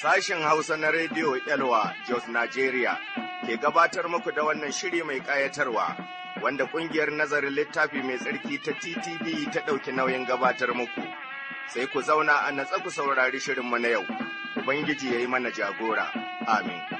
Sashen Hausa na Rediyo Elwa Jos Nigeria ke gabatar muku da wannan shiri mai ƙayatarwa wanda ƙungiyar nazarin littafi mai tsarki ta TTV ta ɗauki nauyin gabatar muku. Sai ku zauna a natsa ku saurari shirinmu na yau, Ubangiji ya yi mana jagora. Amin.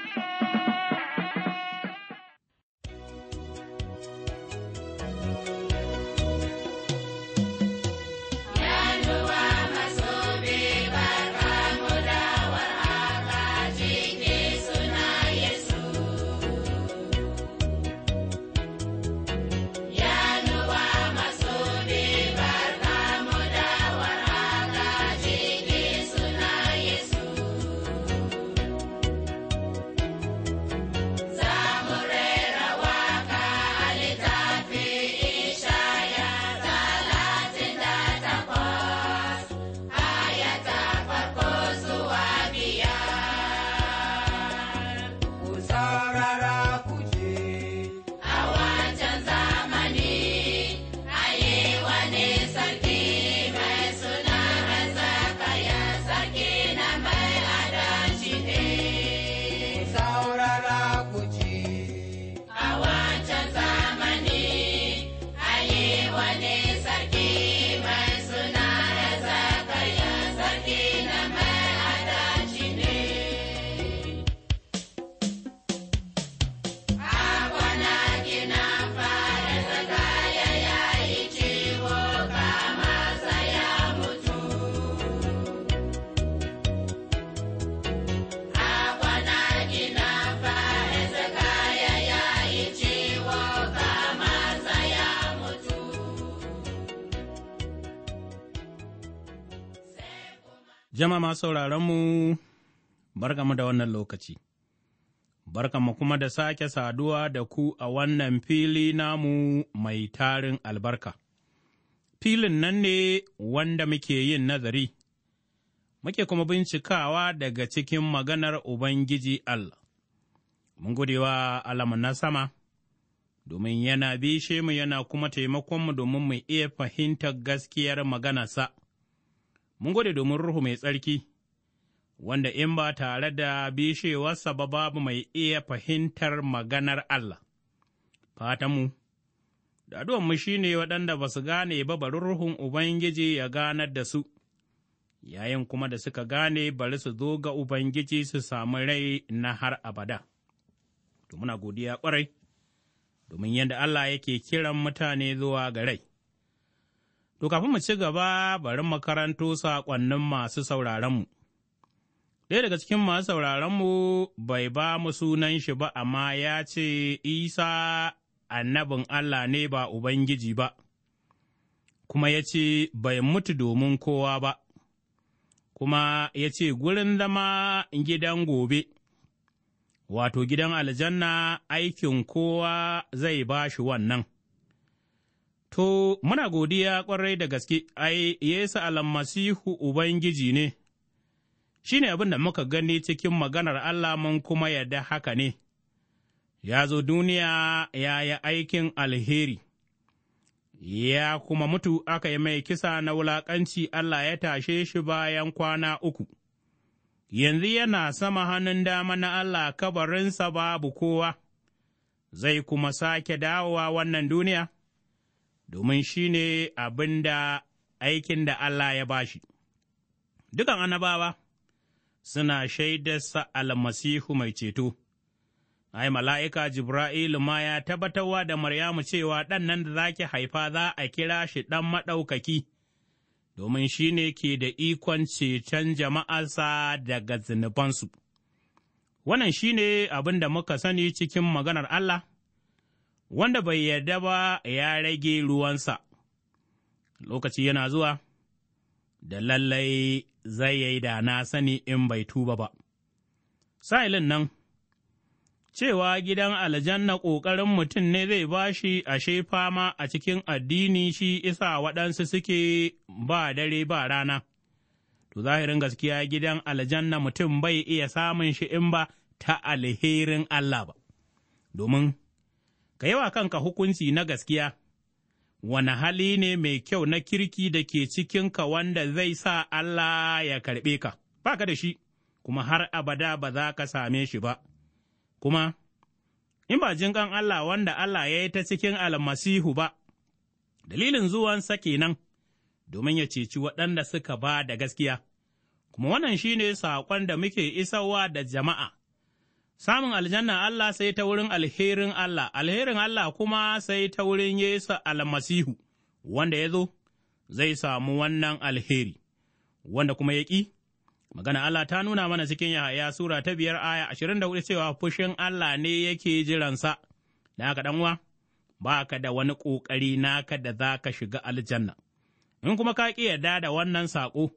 Jama'a sauraronmu, mu da wannan lokaci, mu kuma da sake saduwa da ku a wannan fili namu mai tarin albarka. Filin nan ne wanda muke yin nazari, muke kuma bincikawa daga cikin maganar Ubangiji Allah. Mun gudewa alamun na sama, domin yana bishe mu yana kuma taimakonmu domin mu iya fahimtar gaskiyar maganarsa. mun gode domin Ruhu mai tsarki, wanda in ba tare da bishewarsa ba babu mai iya fahimtar maganar Allah. Fatanmu, da mu shi ne waɗanda ba su gane ba bari Ruhun Ubangiji ya ganar da su, yayin kuma da suka gane bari su zo ga Ubangiji su samu rai na har abada. To muna godiya ƙwarai, domin yadda Allah yake kiran mutane zuwa ga rai. To kafin mu ci gaba bari makaranto saƙonnin masu sauraronmu. Ɗaya daga cikin masu sauraronmu bai ba mu sunan shi ba amma ya ce Isa annabin Allah ne ba Ubangiji ba, kuma ya ce bai mutu domin kowa ba, kuma ya ce gurin zama gidan gobe, wato gidan aljanna aikin kowa zai ba shi wannan. To, muna godiya ƙwarai da gaske, ai, Yesu almasihu Ubangiji ne, shi ne abin da muka gani cikin maganar Allah mun kuma yadda haka ne, ya zo duniya ya yi aikin alheri, ya kuma mutu aka yi mai kisa na wulaƙanci Allah ya tashe shi bayan kwana uku. Yanzu yana sama hannun dama na Allah kabarinsa babu kowa, zai kuma sake dawowa wannan duniya. domin shi ne abin da aikin da Allah ya ba shi. Dukan annabawa suna shaidarsa almasihu mai ceto, ai, mala'ika Jibra'ilu ma ya tabbatarwa da Maryamu cewa ɗan nan da zaki haifa za a kira shi ɗan maɗaukaki, domin shi ne ke da ikon ceton jama'arsa daga zunubansu. Wannan shi ne abin da muka sani cikin maganar Allah. wanda bai yarda ba ya rage ruwansa, lokaci yana zuwa, da lallai zai yi da na sani in bai tuba ba. Sa'ilin nan, cewa gidan aljanna ƙoƙarin mutum ne zai ba shi ashe fama a cikin addini shi isa waɗansu suke ba dare ba rana. To zahirin gaskiya gidan aljanna mutum bai iya samun shi in ba ta alherin Allah ba, domin ka yi wa kanka hukunci na gaskiya, wani hali ne mai kyau na kirki da ke cikinka wanda zai sa Allah ya karɓe ka, ba ka da shi, kuma har abada ba za ka same shi ba, kuma in ba jinƙan Allah wanda Allah ya yi ta cikin almasihu ba, dalilin zuwan zuwansa kenan, domin ya ceci waɗanda suka ba da gaskiya, kuma wannan shi ne saƙon da muke isawa da jama'a. Samun aljanna Allah sai ta wurin alherin Allah, alherin Allah kuma sai ta wurin Yesu almasihu, wanda ya zo zai samu wannan alheri, wanda kuma ya ƙi. Magana Allah ta nuna mana cikin Yahaya Sura ta biyar aya ashirin da hudu cewa fushin Allah ne yake jiransa, da haka ɗanwa, ba ka da wani ƙoƙari naka da za ka shiga aljanna. In kuma ka ƙi yarda da wannan saƙo,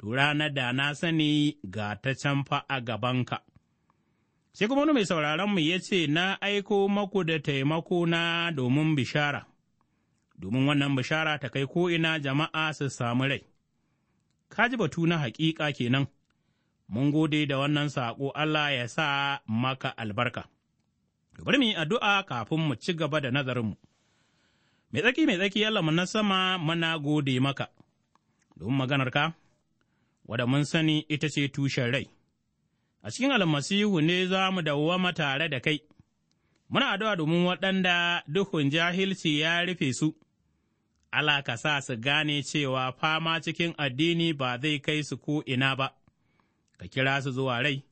to ranar da na sani ga ta can fa a gabanka. Sai kuma wani mai sauraronmu ya ce, Na aiko maku da taimako na domin bishara, domin wannan bishara ta kai ko'ina jama'a su samu rai. Ka ji batu na hakika kenan, mun gode da wannan saƙo Allah ya sa maka albarka. Bari mu yi addu'a kafin mu ci gaba da nazarinmu. Mai tsaki mai tsaki Allah mu na sama mana gode maka, domin maganarka, wadda mun sani ita ce tushen rai. a cikin almasihu ne za mu dawwama tare da kai. Muna addu'a domin waɗanda duhun jahilci ya rufe su, Allah ka sa su gane cewa fama cikin addini ba zai kai su ko ina ba, ka kira su zuwa rai.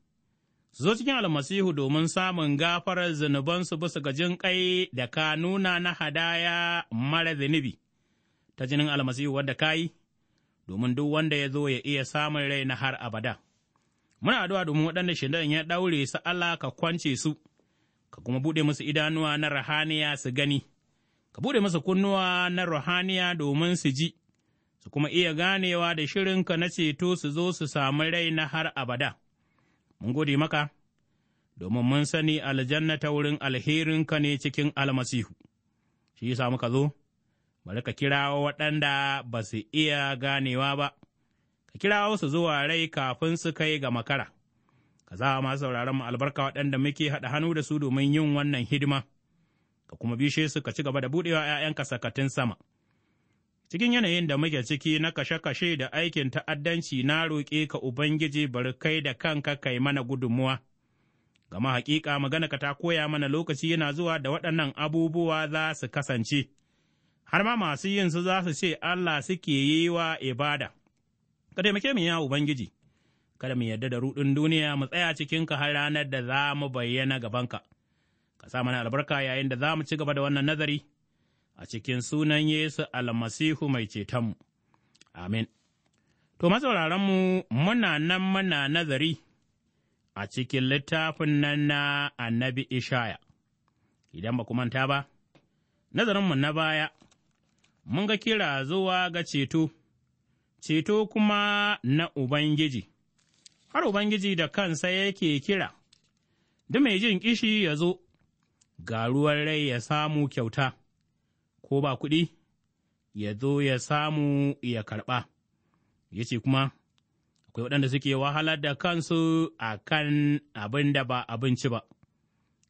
Su zo cikin almasihu domin samun gafarar zunubansu bisa ga kai da ka nuna na hadaya mara zunubi ta jinin almasihu wadda ka yi, domin duk wanda ya zo ya iya samun rai na har abada. Muna addu'a domin waɗanda shaidan ya ɗaure su Allah ka kwance su, ka kuma buɗe musu idanuwa na rahaniya su gani, ka buɗe musu kunnuwa na rahaniya domin su ji, su kuma iya ganewa da shirinka na ceto su zo su sami rai na har abada. Mun gode maka, domin mun sani aljanna ta wurin alherinka ne cikin almasihu. Shi yasa muka zo, bari ka kira waɗanda ba su iya ganewa ba. ka kirawo su zuwa rai kafin su kai ga makara. Ka za ma sauraron mu albarka waɗanda muke haɗa hannu da su domin yin wannan hidima, ka kuma bishe su ka ci gaba da buɗewa ‘ya'yanka sakatun sama. Cikin yanayin da muke ciki na kashe-kashe da aikin ta'addanci na roƙe ka Ubangiji bari kai da kanka kai mana gudunmuwa. Gama hakika maganaka ta koya mana lokaci yana zuwa da waɗannan abubuwa za su kasance, har ma masu yin su za su ce Allah suke yi wa ibada. ka taimake mu ya Ubangiji, kada mu yarda da ruɗin duniya mu tsaya cikinka har ranar da za mu bayyana gabanka, ka sa mana albarka yayin da za mu ci gaba da wannan nazari a cikin sunan Yesu almasihu mai cetonmu. Amin. To, mu muna nan muna nazari a cikin littafin nan na annabi Ishaya, idan ba ku manta ba, nazarinmu na baya, mun ga kira zuwa ga ceto. ceto kuma na Ubangiji, har Ubangiji da kansa yake kira, da mai jin ƙishi ya zo, ga ruwan rai ya samu kyauta, ko ba kuɗi, ya zo ya samu ya karɓa, ya ce kuma, akwai waɗanda suke wahalar da kansu a kan abin da ba abinci ba.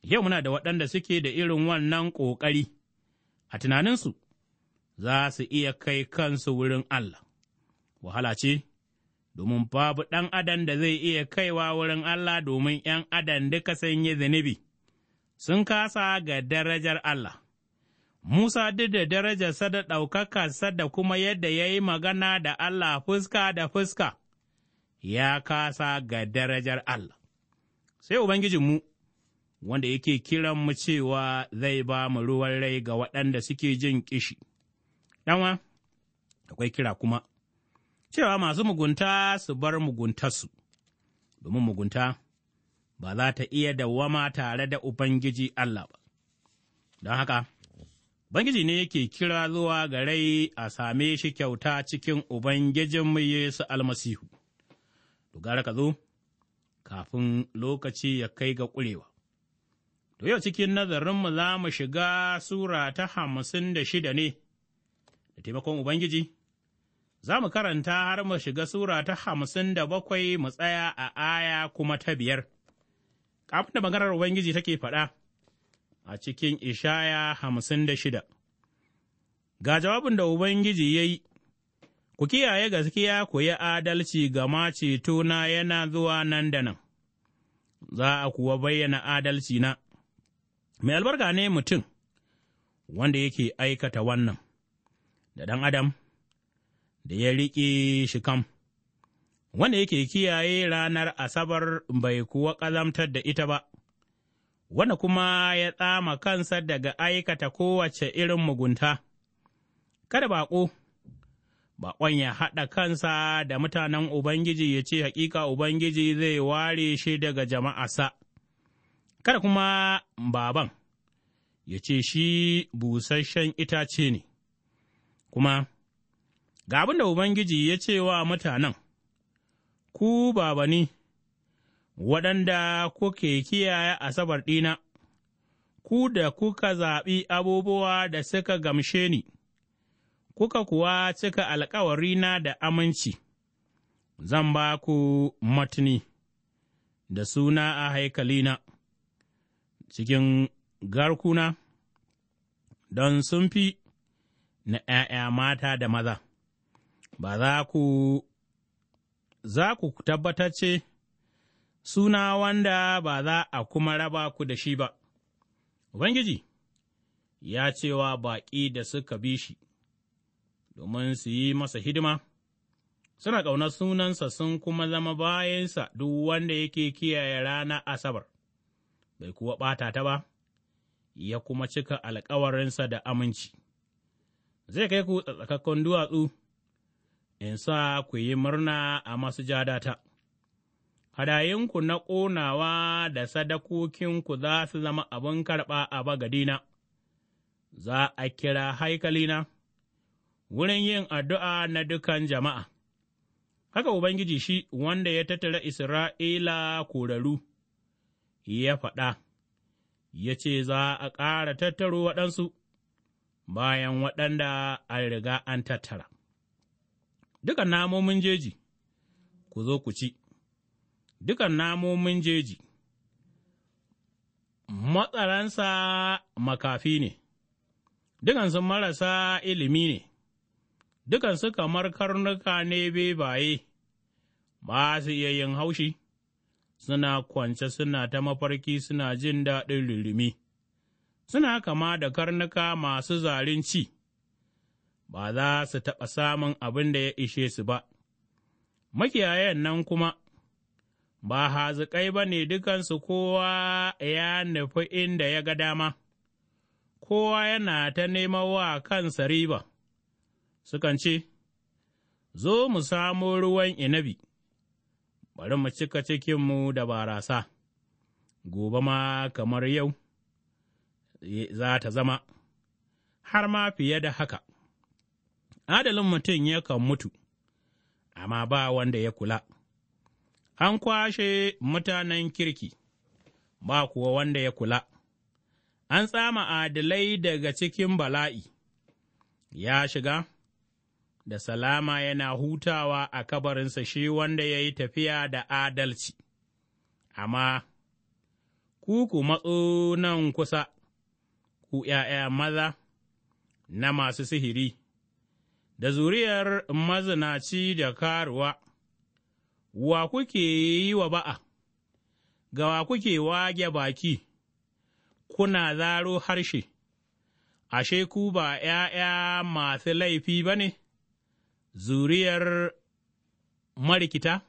Yau muna da waɗanda suke da irin wannan ƙoƙari, a tunaninsu za su iya kai kansu wurin Allah. wahala ce, domin babu ɗan adam da zai iya kaiwa wurin Allah domin ’yan adam duka sun yi zunubi, sun kasa ga darajar Allah. Musa duk da darajarsa da ɗaukakarsa da kuma yadda ya yi magana da Allah fuska da fuska, ya kasa ga darajar Allah. Sai Ubangijinmu, wanda yake kiran mu cewa zai ba mu ruwan rai ga waɗanda suke jin ƙishi. Ɗanwa, akwai kira kuma. cewa masu mugunta su bar muguntarsu, domin mugunta ba za ta iya dawwama tare da Ubangiji Allah ba. Don haka, Ubangiji ne yake kira zuwa ga a same shi kyauta cikin Ubangijinmu Yesu almasihu. Dogara ka zo, kafin lokaci ya kai ga ƙurewa. To yau cikin nazarinmu za mu shiga Sura ta hamsin da shida ne, da taimakon Ubangiji, za mu karanta har mu shiga Sura ta hamsin da bakwai mu tsaya a aya kuma ta biyar. Kafin da maganar Ubangiji take faɗa a cikin Ishaya hamsin da shida. Ga jawabin da Ubangiji ya yi, Ku kiyaye gaskiya ku yi adalci gama cetona yana zuwa nan da nan, za a kuwa bayyana adalci na. Mai albarka ne mutum wanda yake aikata wannan, da ɗan Adam. da ya riƙe shi kam, wanda yake kiyaye ranar Asabar bai kuwa ƙazamtar da ita ba, wanda kuma ya tsama kansa daga aikata kowace irin mugunta, kada baƙo, baƙon ya haɗa kansa da mutanen Ubangiji ya ce, Hakika Ubangiji zai ware shi daga jama'arsa, kada kuma baban ya ce shi busasshen itace ne, kuma. Ga abin da Ubangiji ya ce wa mutanen, Ku babani, waɗanda kuke kiyaye asabar ɗina, ku da kuka zaɓi abubuwa da suka gamshe ni, kuka kuwa cika alkawarina da aminci, zan ba ku matuni da suna a haikalina, cikin garkuna, don sun fi na ’ya'ya mata da maza. ba za ku za ku ce? suna wanda ba za a kuma raba ku da shi ba, Ubangiji ya cewa baƙi da suka bi shi, domin su yi masa hidima, suna ƙaunar sunansa sun kuma zama bayansa duk wanda yake kiyaye rana Asabar, bai kuwa ɓata ta ba, ya kuma cika alkawarinsa da aminci. Zai kai ku tsakakkun duwatsu. in sa ku yi murna a masu jadata Hadayinku na ƙonawa da sadakokinku za su zama abin karɓa a bagadina, za a kira haikalina, wurin yin addu'a na dukan jama'a. Haka Ubangiji shi wanda ya tattara Isra'ila korarru ya faɗa, ya ce za a ƙara tattaro waɗansu bayan waɗanda an riga an tattara. dukan namomin jeji, ku zo ku ci, dukan namomin jeji, matsaransa makafi ne, dukansu marasa ilimi ne, dukansu kamar karnuka ne bebaye, ba su iya yin haushi, suna kwance suna ta mafarki suna jin daɗin lulumi, suna kama da karnuka masu zalunci. ci. ba za su taɓa samun abin da ya ishe su ba. Makiyayan nan kuma, ba hazikai ba ne dukansu kowa ya nufi inda ya ga dama, kowa yana ta neman wa kansa riba, sukan ce, Zo mu samu ruwan inabi, bari mu cika cikinmu da barasa, gobe ma kamar yau za ta zama, har ma fiye da haka. adalin mutum ya kan mutu, amma ba wanda ya kula. An kwashe mutanen kirki, ba kuwa wanda ya kula. An tsama adalai daga cikin bala'i, ya shiga, da salama yana hutawa a kabarinsa shi wanda ya yi tafiya da adalci, amma ku ku matso nan kusa, ku ’ya'ya maza na masu sihiri. da zuriyar mazinaci da karuwa, wa kuke yi wa ba'a, ga wa kuke wage baki, kuna zaro harshe, ashe ku ba ’ya'ya masu laifi ba ne, zuriyar marikita?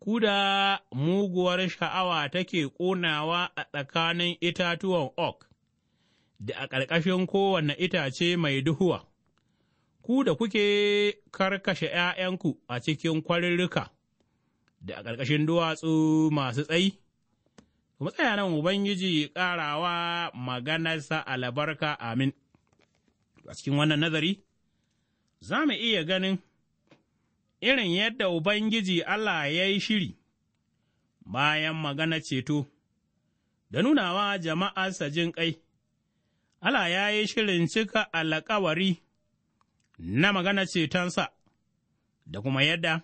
Ku da muguwar sha'awa take ƙonawa a tsakanin itatuwan ok, da a ƙarƙashin kowane itace mai duhuwa. ku da kuke karkashe ’ya'yanku a cikin kwarirrika da a ƙarƙashin duwatsu masu tsayi? Ku matsaya nan Ubangiji ƙarawa maganarsa albarka amin. A cikin wannan nazari, za mu iya ganin irin yadda Ubangiji Allah ya yi shiri bayan magana ceto, da nunawa jama'arsa jin ƙai, Allah ya yi shirin cika alkawari. na magana cetonsa da kuma yadda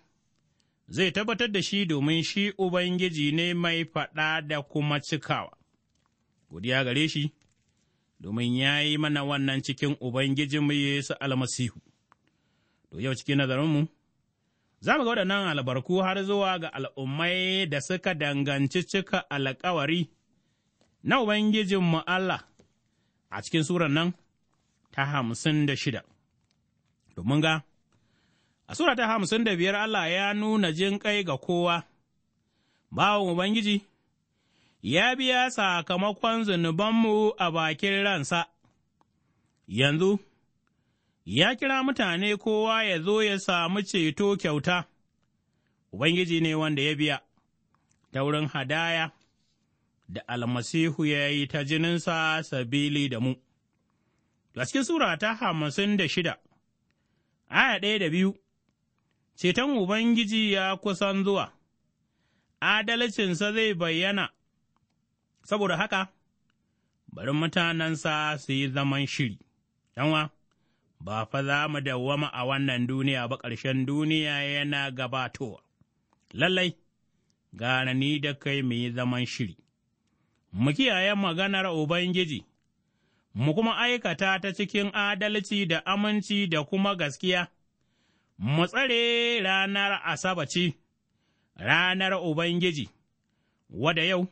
zai tabbatar da shi domin shi Ubangiji ne mai faɗa da kuma cikawa. Godiya gare shi, domin ya yi mana wannan cikin Ubangijinmu Yesu almasihu. To yau cikin nazarinmu, za mu ga waɗannan albarku har zuwa ga al'ummai da suka danganci cika alkawari na Ubangijinmu Allah a cikin suran nan ta hamsin da shida. domin ga, a Sura ta hamsin da biyar Allah ya nuna jin kai ga kowa, bawan Ubangiji, ya biya sakamakon zunubanmu a bakin ransa, yanzu, ya kira mutane kowa ya zo ya samu ceto kyauta, Ubangiji ne wanda ya biya, ta wurin hadaya da almasihu ya yi ta jininsa sabili da mu. A cikin Sura ta hamsin da shida, aya ɗaya da biyu, Ceton Ubangiji ya kusan zuwa, adalcinsa zai bayyana, saboda haka, bari mutanensa su yi zaman shiri, ɗanwa, ba fa za mu dawwama a wannan duniya ba ƙarshen duniya yana gabatowa. Lallai, gane ni da kai mu yi zaman shiri, mu kiyaye maganar Ubangiji, mu kuma aikata ta cikin adalci da aminci da kuma gaskiya, mu tsare ranar Asabaci, ranar Ubangiji, wada yau,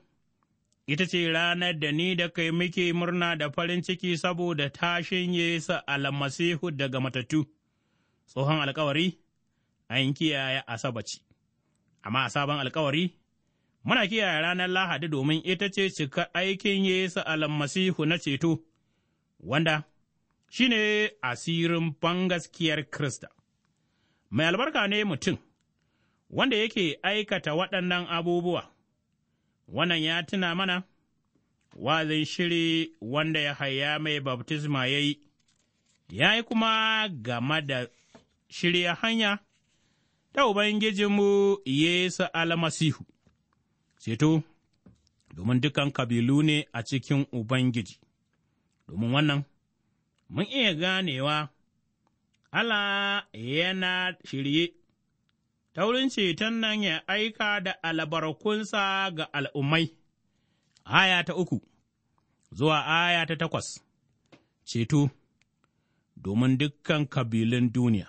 ita ce ranar da ni da kai muke murna da farin ciki saboda tashin Yesu almasihu daga matattu, tsohon alkawari, an kiyaye Asabaci, amma a sabon alkawari, muna kiyaye ranar Lahadi domin ita ce cika aikin Yesu almasihu na ceto. wanda shi ne asirin bangaskiyar Krista. Mai albarka ne mutum, wanda yake aikata waɗannan abubuwa, wannan ya tuna mana, wazin shiri wanda ya haya mai baftisma ya yi, ya yi kuma game da shirya hanya ta Ubangijinmu Yesu Almasihu, ceto, domin dukan kabilu ne a cikin Ubangiji. domin wannan, mun iya ganewa Allah yana shirye, ta wurin ceton nan ya aika da albarkunsa ga al'ummai, aya ta uku zuwa aya ta takwas, ceto domin dukkan kabilun duniya.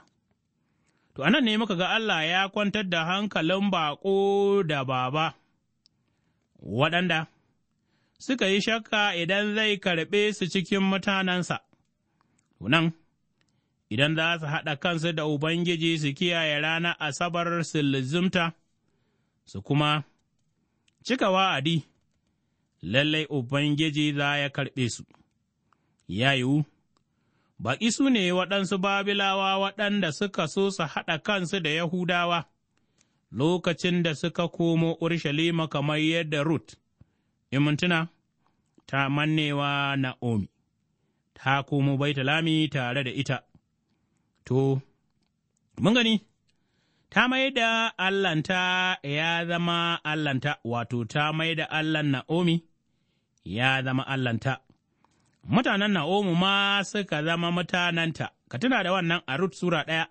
To, anan ne muka ga Allah ya kwantar da hankalin baƙo da baba, waɗanda suka yi shakka idan zai karɓe su cikin mutanensa. Nan, idan za su haɗa kansu da Ubangiji su kiyaye ranar Asabar su su kuma cika wa'adi, lallai Ubangiji za ya karɓe su, ya yiwu. baƙi su ne waɗansu Babilawa waɗanda suka so su haɗa kansu da Yahudawa, lokacin da suka komo Urshalima kamar yadda Rut in mun ta mannewa Na'omi, ta komo lami tare da ita, to, mun gani, ta mai da Allahnta ya zama Allahnta, wato, ta mai da Allahn Na'omi ya zama Allahnta. Mutanen Na'omi ma suka zama mutanenta, ka tuna da wannan a Rut Sura ɗaya,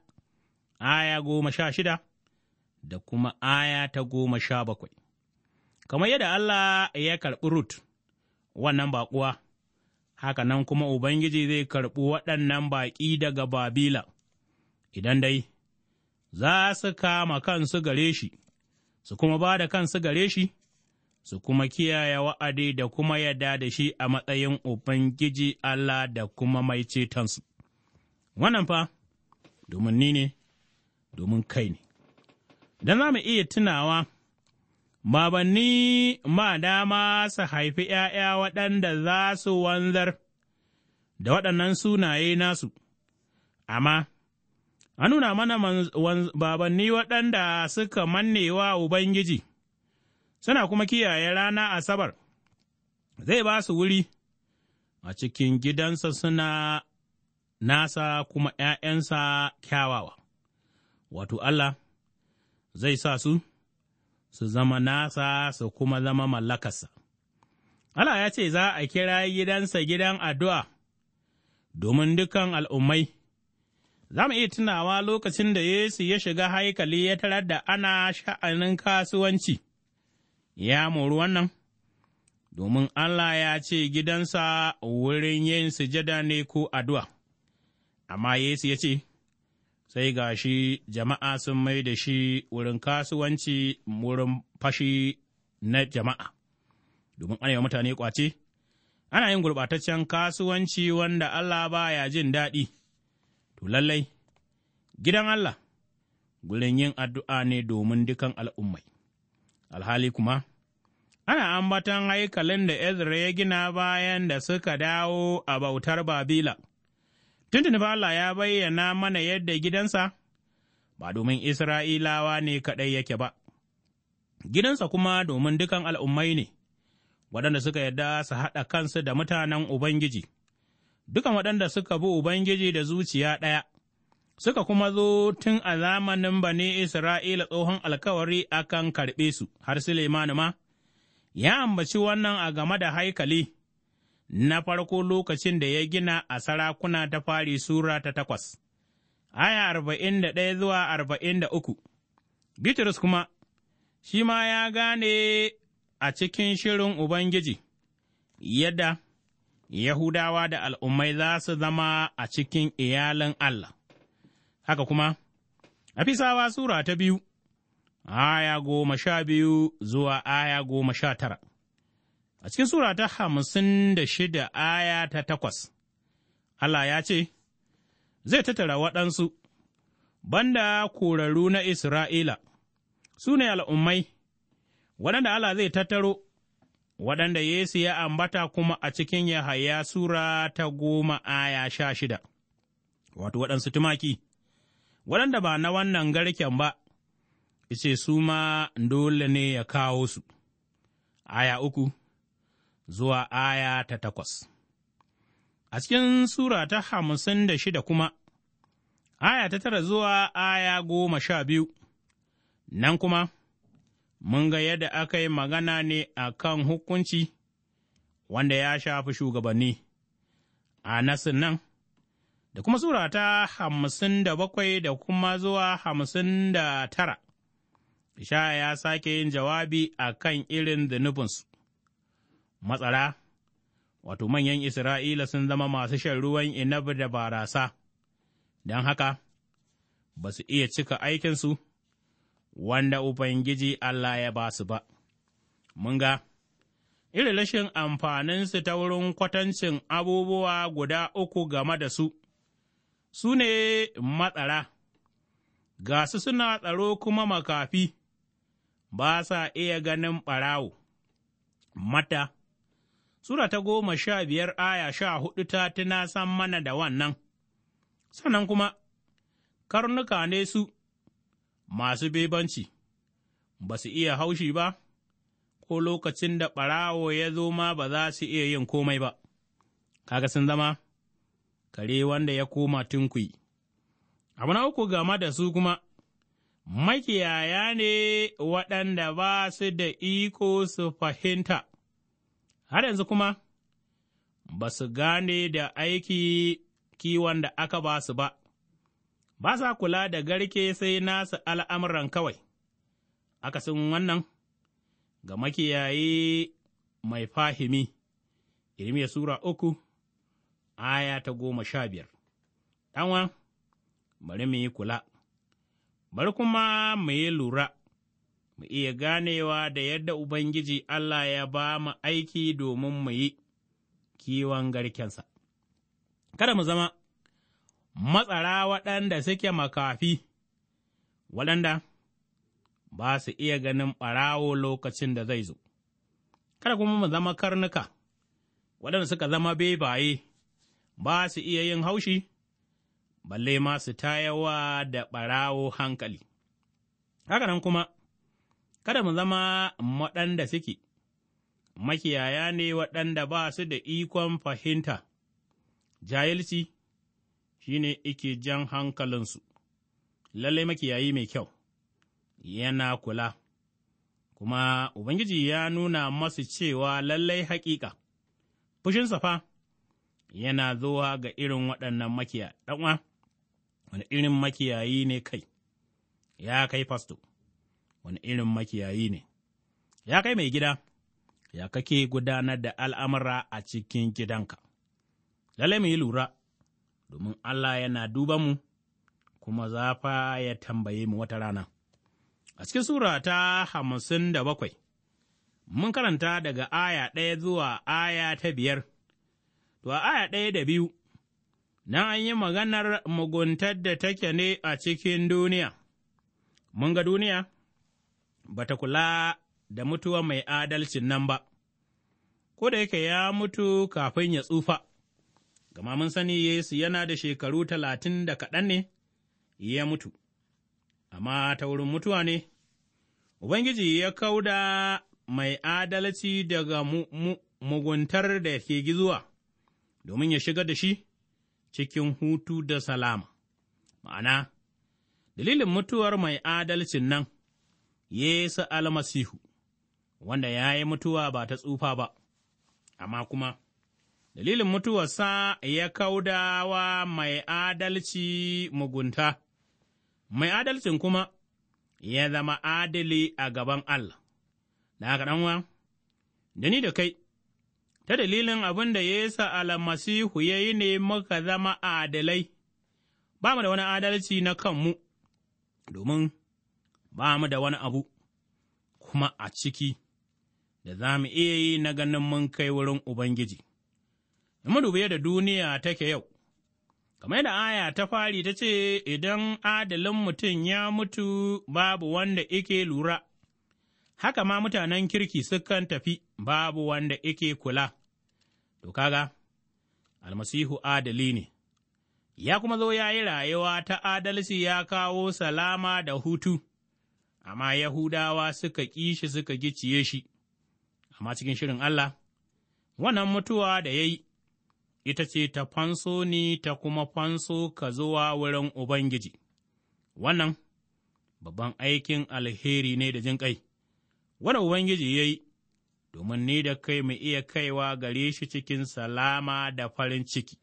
aya goma sha shida, da kuma aya ta goma sha bakwai. kamar yadda Allah ya karɓi Rut, wannan baƙuwa, haka nan kuma Ubangiji zai karɓi waɗannan baƙi daga Babila, idan dai za su kama kansu gare shi, su kuma ba da kansu gare shi, su kuma kiyaye wa'adi da kuma yarda da shi a matsayin Ubangiji Allah da kuma mai cetonsu. Wannan fa, domin ni ne, domin kai ne. Don za mu iya tunawa. Babanni ma dama su haifi ’ya'ya waɗanda za su wanzar da waɗannan sunaye nasu, amma an nuna mana babanni waɗanda suka manne mannewa Ubangiji, suna kuma kiyaye rana Asabar, zai ba su wuri a cikin gidansa suna nasa kuma ’ya'yansa kyawawa, wato Allah zai sa su. su zama nasa su kuma zama mallakarsa. Allah ya ce za a kira gidansa gidan addu'a domin dukan al'ummai. Za mu iya tunawa lokacin da Yesu ya shiga haikali ya tarar da ana sha'anin kasuwanci, ya muru wannan, domin Allah ya ce gidansa wurin yin sujada ne ko addu'a. Amma Yesu ya ce, sai ga shi jama'a sun mai da shi wurin kasuwanci wurin fashi na jama'a, domin ana yi mutane kwace, ana yin gurɓataccen kasuwanci wanda Allah ba ya jin daɗi, to lallai, gidan Allah, gurin yin addu'a ne domin dukan al'ummai, alhali kuma, ana ambatan haikalin da Ezra ya gina bayan da suka dawo a bautar Babila. Tuntuni Allah ya bayyana mana yadda gidansa ba domin Isra'ilawa ne kaɗai yake ba, gidansa kuma domin dukan al'ummai ne, waɗanda suka yarda su haɗa kansu da mutanen Ubangiji, dukan waɗanda suka bi Ubangiji da zuciya ɗaya, suka kuma zo tun a zamanin bane Isra'ila tsohon alkawari akan karɓe su har Suleimanu ma, ya ambaci wannan a game da haikali. na farko lokacin da ya gina a sarakuna ta fari Sura ta takwas, aya arba'in da ɗaya zuwa arba'in da uku. Bitrus kuma, shi ma ya gane a cikin shirin Ubangiji, yadda Yahudawa da al'ummai za su zama a cikin iyalin Allah. Haka kuma, Afisawa Sura ta biyu, aya goma sha biyu zuwa aya goma sha tara. A cikin Sura ta hamsin da shida aya ta takwas, Allah ya ce, Zai tattara waɗansu, banda korarru na Isra'ila, su ne al'ummai, waɗanda Allah zai tattaro, waɗanda Yesu ya ambata kuma a cikin Yahaya Sura ta goma aya sha shida, wato waɗansu tumaki, waɗanda ba na wannan garken ba, ice su ma dole ne ya kawo su. Aya uku. zuwa aya ta takwas. A cikin Sura ta hamsin da shida kuma, aya ta tara zuwa aya goma sha biyu, nan kuma, mun ga yadda aka yi magana ne a kan hukunci wanda ya shafi shugabanni a nasin nan, da kuma Sura ta hamsin da bakwai da kuma zuwa hamsin da tara. sha ya sake yin jawabi a kan irin zunubinsu. matsara, wato manyan Isra'ila sun zama masu shan ruwan inabi da barasa, don haka ba su iya cika aikinsu wanda Ubangiji Allah ya ba su ba. Mun ga, irin rashin amfaninsu ta wurin kwatancin abubuwa guda uku game da su, su ne matsara, ga su suna tsaro kuma makafi, ba sa iya ganin ɓarawo, mata, Sura ta goma sha biyar aya sha hudu ta tunasan mana da wannan, sannan kuma, karnuka ne su masu bebanci, ba su iya haushi ba, ko lokacin da ɓarawo ya zo ma ba za su iya yin komai ba, kaga sun zama kare wanda ya koma tunkuyi. Abu na uku game da su kuma, makiyaya ne waɗanda ba su da iko su fahimta. har yanzu kuma ba su gane da aiki kiwon da aka ba su ba, ba sa kula da garke sai nasu al'amuran kawai, aka akasin wannan ga makiyayi mai fahimi, Irmiya Sura uku, aya ta goma sha biyar. Ɗanwa, bari mu yi kula, bari kuma mu yi lura. mu iya ganewa da yadda Ubangiji Allah ya ba mu aiki domin mu yi kiwon garkensa. Kada mu zama matsara waɗanda suke makafi, waɗanda ba su iya ganin ɓarawo lokacin da zai zo, kada kuma mu zama karnuka, waɗanda suka zama bebaye ba su iya yin haushi, balle ma su tayawa da ɓarawo hankali. Haka nan kuma, kada mu zama waɗanda suke, makiyaya ne waɗanda ba su da ikon fahimta, jahilci shi ne ike jan hankalinsu, lallai makiyayi mai kyau, yana kula, kuma Ubangiji ya nuna masu cewa lallai haƙiƙa, fushinsa fa yana zuwa ga irin waɗannan makiya, ɗan'uwa, wani irin makiyayi ne kai, ya kai fasto. wani irin makiyayi ne. Ya kai mai gida, ya kake gudanar da al'amura a cikin gidanka. Lalle mu yi lura, domin Allah yana duba mu, kuma zafa ya tambaye mu wata rana. A cikin Sura ta hamsin da bakwai, mun karanta daga aya ɗaya zuwa aya ta biyar, to a aya ɗaya da biyu, na an yi maganar muguntar da take ne a cikin duniya, mun ga duniya, ba ta kula da mutuwa mai adalcin nan ba, ko da yake ya mutu kafin ya tsufa, gama mun sani Yesu yana da shekaru talatin da kaɗan ne ya mutu, amma ta wurin mutuwa ne, Ubangiji ya kauda mai adalci daga muguntar da ke gizuwa, domin ya shiga da shi cikin hutu da salama, ma'ana, dalilin mutuwar mai adalcin nan. Yesu almasihu, wanda ya yi mutuwa ba ta tsufa ba, amma kuma, dalilin mutuwarsa ya kaudawa mai adalci mugunta, mai adalcin kuma ya zama adali a gaban Allah, da haka ɗanwa, da ni da kai, ta dalilin abin da Yesu almasihu ya yi ne muka zama adalai, ba mu da wani adalci na kanmu, domin ba mu da wani abu, kuma a ciki da za mu iya yi na ganin mun kai wurin Ubangiji. In mu dubi da duniya take yau, kamar da aya ta fari ta ce, Idan adalin mutum ya mutu babu wanda ike lura, haka ma mutanen kirki sukan tafi babu wanda ike kula. To kaga, almasihu adali ne, ya kuma zo ya yi rayuwa ta adalci ya kawo salama da hutu. amma Yahudawa suka ƙi shi suka giciye shi, amma cikin shirin Allah, wannan mutuwa da ya yi, ita ce ta fanso ni ta kuma fanso ka zuwa wurin Ubangiji, wannan babban aikin alheri ne da jin ƙai, wanda Ubangiji ya yi, domin ni da kai mu iya kaiwa gare shi cikin salama da farin ciki,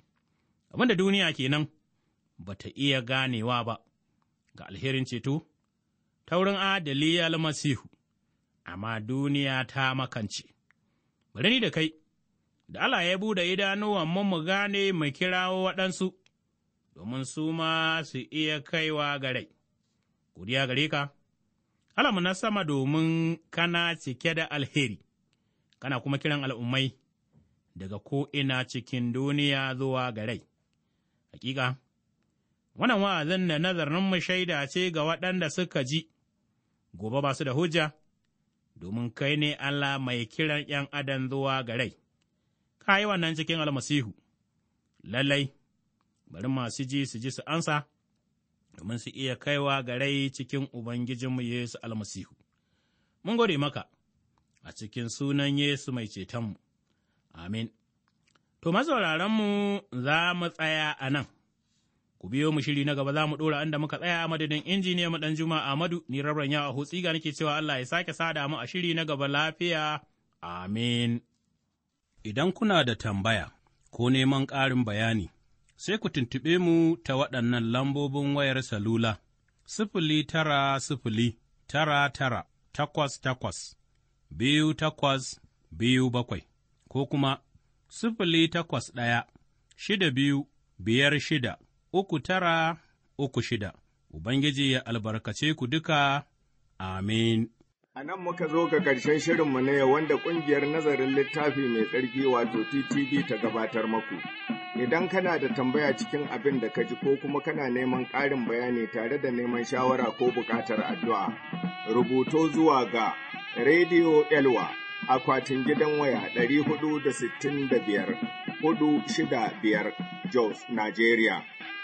abin da duniya kenan ba ta iya ganewa ba, ga alherin ceto. ta wurin adali almasihu, amma duniya ta makance. Bari ni da kai, da Allah ya buɗe idanuwan mu gane mu kirawo waɗansu, domin su ma su iya kaiwa ga rai. Godiya gare ka, Allah na sama domin kana cike da alheri, kana kuma kiran al'ummai daga ko'ina cikin duniya zuwa ga rai. Hakika, wannan wa'azin da nazarin mu shaida ce ga waɗanda suka ji, gobe ba su da hujja, domin kai ne Allah mai kiran ’yan adam zuwa ga rai, ka yi wannan cikin almasihu, lallai, bari masu ji su ji su ansa, domin su iya kaiwa ga rai cikin Ubangijinmu Yesu almasihu. Mun gode maka, a cikin sunan Yesu mai cetonmu, amin. To, masauraranmu za mu tsaya a nan. Ku biyo mu shiri na gaba za mu ɗora inda muka tsaya a madadin injiniya mu ɗan Juma Ahmadu ni rabran ya a tsiga nake cewa Allah ya sake sada mu a shiri na gaba lafiya. Amin. Idan kuna da tambaya ko neman ƙarin bayani, sai ku tuntuɓe mu ta waɗannan lambobin wayar salula, sifili tara sifili, tara tara, takwas takwas, biyu takwas, biyu bakwai, ko kuma sifili takwas ɗaya, shida biyu, biyar shida, uku tara uku shida. Ubangiji ya albarkace ku duka, amin. A nan muka zo ga ƙarshen shirinmu ne wanda ƙungiyar nazarin littafi mai tsarki wato TTD ta gabatar maku. Idan kana da tambaya cikin abin da ka ji ko kuma kana neman ƙarin bayani tare da neman shawara ko buƙatar addu'a, rubuto zuwa ga Radio Elwa akwatin gidan waya 465 465 Jos, Nigeria.